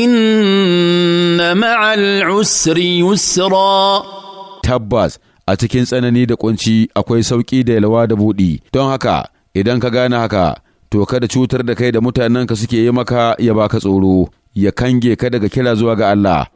inna ma'al usri yusra tabbas a cikin tsanani da kunci akwai sauƙi da yalwa da buɗi don haka idan ka gane haka to kada cutar da kai da mutanenka suke yi maka ya baka tsoro ya kange ka daga kira zuwa ga Allah